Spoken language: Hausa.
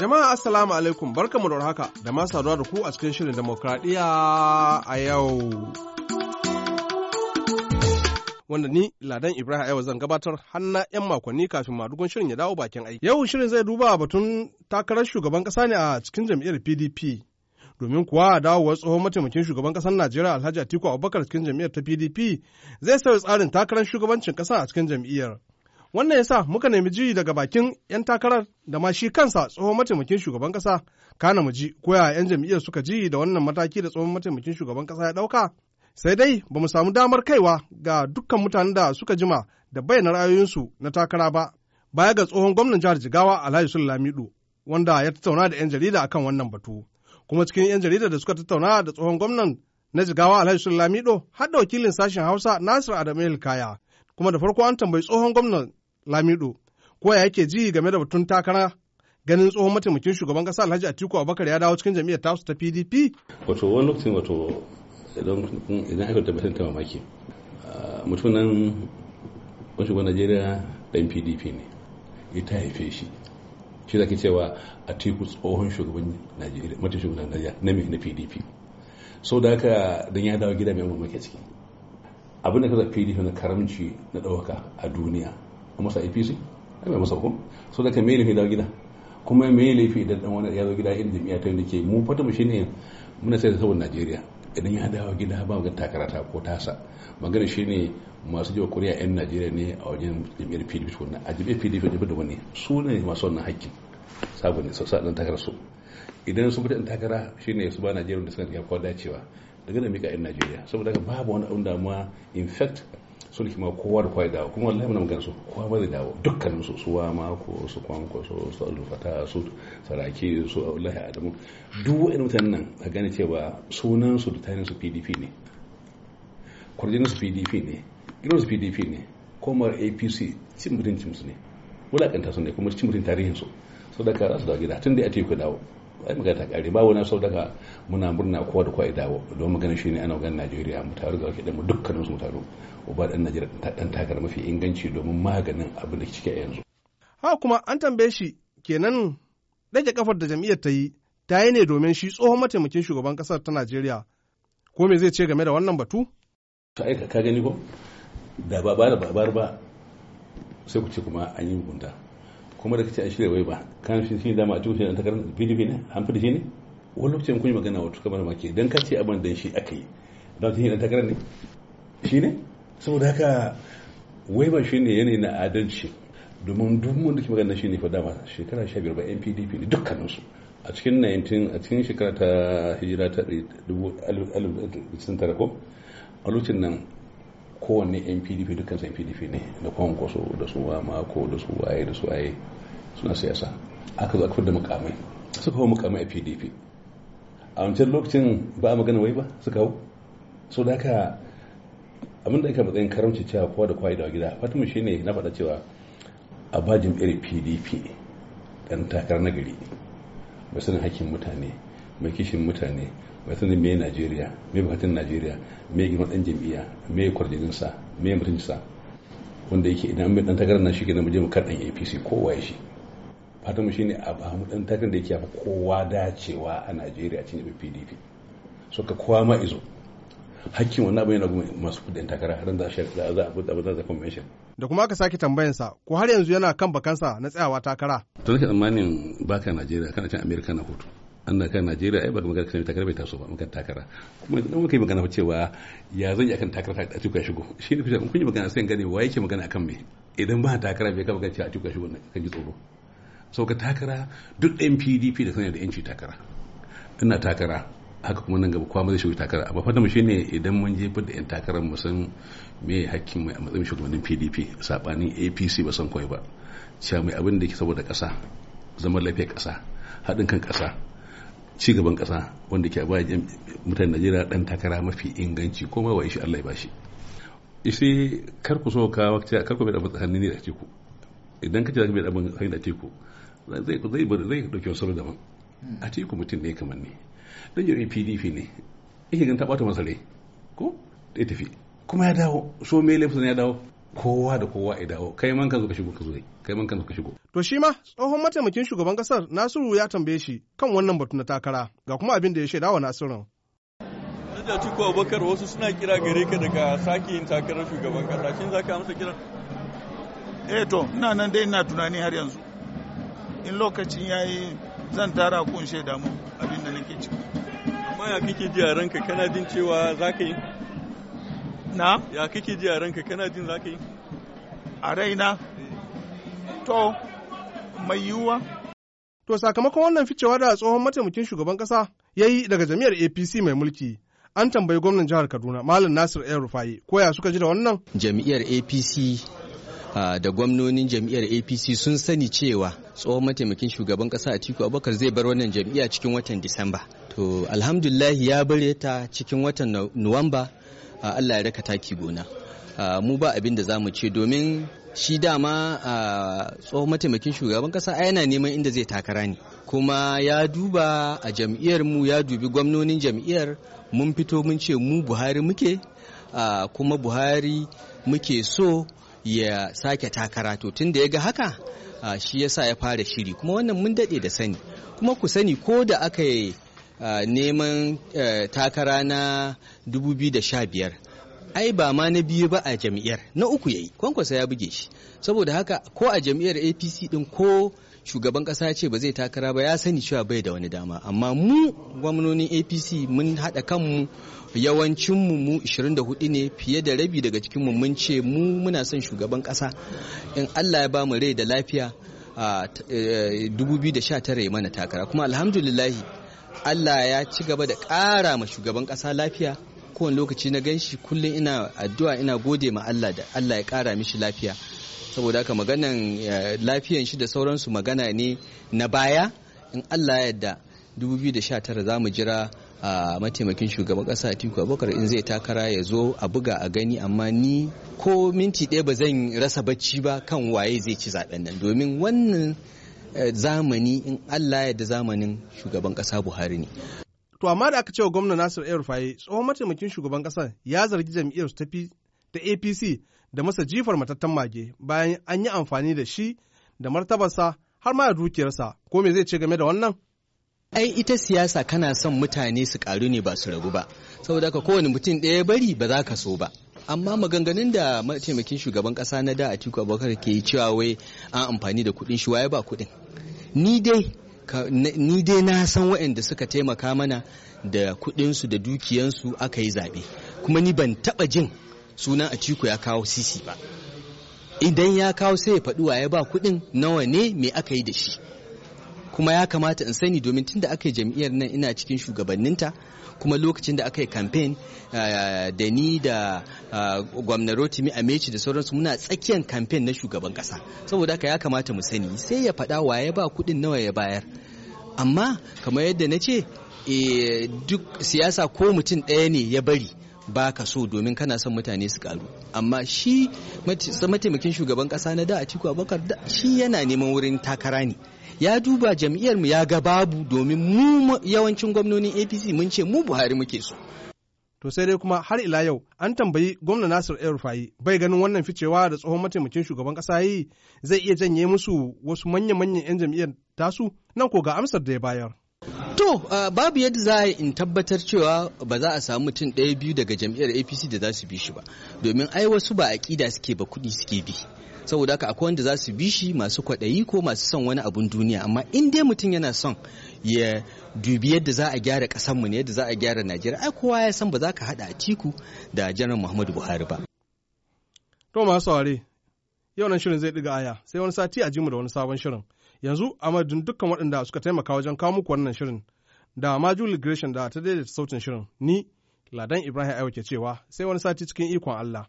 Jama'a Assalamu alaikum barkamu da haka da ma saduwa da ku a cikin shirin demokradiyya a yau. Wanda ni Ladan Ibrahim yau zan gabatar hanna 'yan makonni kafin madugun shirin ya dawo bakin aiki. Yau shirin zai duba batun takarar shugaban kasa ne a cikin jam'iyyar PDP. Domin kuwa a dawowar tsohon mataimakin shugaban kasar Najeriya Alhaji Atiku Abubakar cikin jam'iyyar ta PDP zai sauya tsarin takarar shugabancin kasa a cikin jam'iyyar. Wannan ya sa muka nemi juyi daga bakin 'yan takarar da ma shi kansa tsohon mataimakin shugaban kasa. kana mu ji ko ya 'yan jam'iyyar suka ji da wannan mataki da tsohon mataimakin shugaban kasa ya ɗauka. Sai dai ba mu samu damar kaiwa ga dukkan mutanen da suka jima da bayyana ra'ayoyinsu na takara ba baya ga tsohon gwamnan jihar Jigawa Alhaji Sulamido wanda ya tattauna da 'yan jarida akan wannan batu. Kuma cikin 'yan jarida da suka tattauna da tsohon gwamnan na Jigawa Alhaji Sulamido har da wakilin sashen Hausa Nasir Adamu Kaya. Kuma da farko an tambayi tsohon gwamnan Lamido ko ya yake ji game da batun takara ganin tsohon mataimakin shugaban kasa Alhaji Atiku Abubakar ya dawo cikin jam'iyyar tasu ta PDP. Wato wani lokacin wato idan aka tabbatar ta mamaki mutum nan wani shugaban Najeriya dan PDP ne ita haife shi shi da ke cewa Atiku tsohon shugaban Najeriya mataimakin shugaban Najeriya na na PDP. Sau da haka dan ya dawo gida mai mamaki ciki abin da zafi PDP na karamci na ɗauka a duniya a masa apc ai bai masa ko so da ka mai laifi dawo gida kuma mai laifi idan dan wani ya zo gida irin jami'a ta yadda ke mu fata mu shine muna sai da saboda najeriya idan ya dawo gida ba ga takara ta ko tasa magana shine masu jiwa kuriya yan najeriya ne a wajen jami'ar pdp na a jami'ar pdp da da wani su ne masu wannan hakki. sabon ne sassa dan takara su idan sun fita dan takara shine su ba najeriya da suka ga kwa dacewa daga da mika yan najeriya saboda babu wani abun damuwa in fact sulhi ma kowa da kowa ya dawo kuma wallahi muna magana su kowa ba zai dawo dukkanin su suwa mako su kwanko su su alufata su saraki su wallahi adamu duk wa'in mutanen nan ka gane cewa sunan su da tarin su pdp ne kwarjinin su pdp ne gidan su pdp ne komar apc cin mutuncin su ne wulakanta su ne kuma cin mutuncin tarihin su sadaka za su dawo gida tun da ya teku dawo ai magana ta kare ba wani sau daga muna murna kowa da kowa ya dawo don magana shine ana magana Najeriya mu taru ga wakil mu dukkanin su mu taru uba dan Najeriya dan takar mafi inganci domin maganin abin da cike yanzu ha kuma an tambaye shi kenan dage kafar da jam'iyyar ta yi ta yi ne domin shi tsohon mataimakin shugaban kasar ta Najeriya ko me zai ce game da wannan batu ta aika ka gani ko da ba ba ba sai ku ce kuma an yi hukunta kuma da kace an shirya wai ba kan shi shi ma a tushe an takarar PDP ne an fi shi ne wani lokacin kun yi magana wato kamar ma ke dan kace abin dan shi aka yi dan shi dan takarar ne shi ne saboda haka wai ba shi ne yanayi na adalci domin duk mun da ke magana shi ne fa dama shekara 15 ba NPDP ne su a cikin 19 a cikin shekara ta hijira ta 1909 a lokacin nan kowanne yan pdp dukkan sai pdp ne da kwan kwaso da su wa mako da su waye da su waye suna siyasa zo a ka da mukamai suka hau mukamai a pdp a wancan lokacin ba a magana wai ba suka hau so da haka abinda aka matsayin karamci cewa kowa da kwayi da gida fatima shine na faɗa cewa a ba jam'iyyar pdp ɗan takarar nagari ba sanin hakkin mutane mai kishin mutane mai sanin mai najeriya mai bukatun najeriya mai girman dan jam'iyya mai kwarjininsa mai mutuncinsa wanda yake idan mai dan takarar nan shi na mu je dan karɗan apc kowa shi fatan mu shine a bamu dan takarar da yake yafi kowa dacewa a najeriya yabi pdp so ka kowa ma izo hakkin wannan abin yana gumi masu kudin takara ran shi da za a buɗe abin da convention da kuma aka sake tambayansa ko har yanzu yana kan bakansa na tsayawa takara to nake tsammanin baka najeriya kana cin amerika na hutu an na kan najeriya ai ba magana kasance takara bai taso ba magana takara kuma idan muka yi magana cewa ya zan yi akan takara ta tuka ya shigo shi ne kusa in kun yi magana sai gane wa yake magana akan me idan ba takara bai ka magana cewa atiku ya shigo kan ji tsoro sau ka takara duk ɗan pdp da sanya da yanci takara ina takara haka kuma nan gaba kwamar shigo takara amma fata mu ne idan mun je da yan takarar mu san me hakkin mai a matsayin shugabannin pdp sabanin apc ba san kawai ba cewa mai abin da ke saboda ƙasa zaman lafiyar ƙasa haɗin kan ƙasa ci gaban ƙasa wanda ke ba mutane najeriya ɗan takara mafi inganci ko ma wa shi allah ya bashi isi kar ku so ka wakta kar ku bai da tsakanin ne da teku idan ka ce zaka bai abin tsakanin da teku zai zai zai dauki wasu daban hmm. a teku mutum ne kamar ne dan yi pdp ne yake ganta ta ɓata masa rai ko ya tafi kuma ya dawo so me laifin ya dawo kowa da kowa ya dawo kai man zo ka shigo ka zo kai man zo ka shigo To shi ma tsohon mataimakin shugaban kasar Nasiru ya tambaye shi kan wannan batu na takara ga kuma abin da ya shaidawa Nasiru. Duk da Tiku Abubakar wasu suna kira gare ka daga sake yin takarar shugaban kasa shin za ka amsa kiran? Eh to ina nan dai ina tunani har yanzu. In lokacin yayi zan tara kun shaida mu abin da nake ciki. Amma ya kake ji a ranka kana jin cewa za ka yi? Na? Ya kake ji a ranka kana jin za ka yi? A raina? To, mai yiwuwa. To sakamakon wannan ficewa da tsohon mataimakin shugaban ƙasa ya yi daga jami'ar APC mai mulki. An tambayi gwamnan jihar Kaduna Malam Nasir El Rufai ya suka ji da wannan? Jami'ar APC ah, da gwamnonin jami'ar apc sun sani cewa tsohon mataimakin shugaban kasa atiku abubakar zai bar wannan jami'a cikin watan disamba to alhamdulahi ya bare ta cikin watan nuwamba ah, allah ya raka taki gona mu ba abin da za mu ce domin shi dama a tsohon mataimakin shugaban kasa a yana neman inda zai takara ne kuma ya duba a jam'iyyar mu ya dubi gwamnonin jam'iyyar mun fito mun ce mu buhari muke kuma buhari muke so ya sake takara to tun da ya ga haka shi ya sa ya fara shiri kuma wannan mun daɗe da sani kuma ku sani ko da aka yi neman eh, takara na 2015 ai ba ma na biyu ba a jam'iyyar na uku yayi kwankwasa ya buge shi saboda haka ko a jam'iyyar apc din ko shugaban kasa ce ba zai takara ba ya sani cewa bai da wani dama amma mu gwamnonin apc mun haɗa kanmu yawancinmu mu 24 ne fiye da rabi daga cikinmu mun ce mu muna son shugaban kasa in allah ya ba mu rai da lafiya a 2019 eh, ya mana takara kuma alhamdulillahi allah ya ci gaba da ƙara ma shugaban kasa lafiya kowane lokaci na ganshi kullum ina addu'a ina gode ma Allah da Allah ya kara mishi lafiya saboda haka maganan eh, lafiyan shi da sauransu magana ne na baya in Allah ya yarda 2019 za mu jira a mataimakin shugaban kasa Atiku Abubakar in zai takara ya zo a buga a gani amma ni ko minti ɗaya ba zan rasa bacci ba kan waye zai ci zaben nan domin wannan eh, zamani in Allah ya yarda zamanin shugaban kasa Buhari ne To amma da aka cewa wa gwamna Nasir El Rufai tsohon mataimakin shugaban ƙasar ya zargi jam'iyyar su tafi da APC da masa jifar matattan mage bayan an yi amfani da shi da martabarsa har ma da dukiyarsa ko me zai ce game da wannan? ai ita siyasa kana son mutane su karu ne ba su ragu ba saboda haka kowane mutum ɗaya bari ba za ka so ba amma maganganun da mataimakin shugaban kasa na da a tiku abubakar ke yi cewa wai an amfani da kuɗin shi waye ba kuɗin ni dai ni dai na san waɗanda suka taimaka mana da kuɗinsu da dukiyansu aka yi zaɓe kuma ni ban taɓa jin sunan atiku ya kawo sisi ba idan ya kawo sai ya faɗuwa ya ba kuɗin nawa ne me aka yi da shi kuma ya kamata in sani domin tun da aka yi jam'iyyar nan ina cikin shugabanninta kuma lokacin da aka yi kamfen eh, da ni da eh, gwamna rotimi a meci da sauransu muna tsakiyar kamfen na shugaban kasa saboda haka ya kamata mu sani sai ya faɗa wa ya ba kuɗin nawa ya bayar amma kamar yadda na ce eh, duk siyasa ko mutum ɗaya ne ya bari ba ka so domin kana son mutane su karu amma shi mataimakin shugaban kasa na da a ciku da shi yana neman wurin takara ne ya duba jam'iyyar mu ya ga babu domin mu yawancin gwamnonin apc mun ce mu buhari muke so to sai dai kuma har ila yau an tambayi gwamna nasir el rufai bai ganin wannan ficewa da tsohon mataimakin shugaban kasa yi zai iya janye musu wasu manya-manyan 'yan jam'iyyar tasu nan ko ga amsar da ya bayar To uh, babu yadda za in tabbatar cewa ba za a samu mutum ɗaya biyu daga jam'iyyar APC da za su bi shi ba. Domin ai wasu ba a aƙida suke ba kuɗi suke bi. Saboda haka akwai wanda za su bi shi masu kwaɗayi ko masu son wani abun duniya. Amma in dai mutum yana son ya dubi yadda za a gyara mu ne yadda za a gyara Najeriya. Ai kowa ya san ba za ka haɗa a tiku da Janar Muhammadu Buhari ba. To masu saurare, yau nan shirin zai ɗiga aya sai wani sati a jimu da wani sabon shirin. yanzu a madadin dukkan waɗanda suka taimaka wajen kawo muku wannan shirin da ma julie da ta daidaita sautin shirin ni ladan ibrahim aiwa ke cewa sai wani sati cikin ikon allah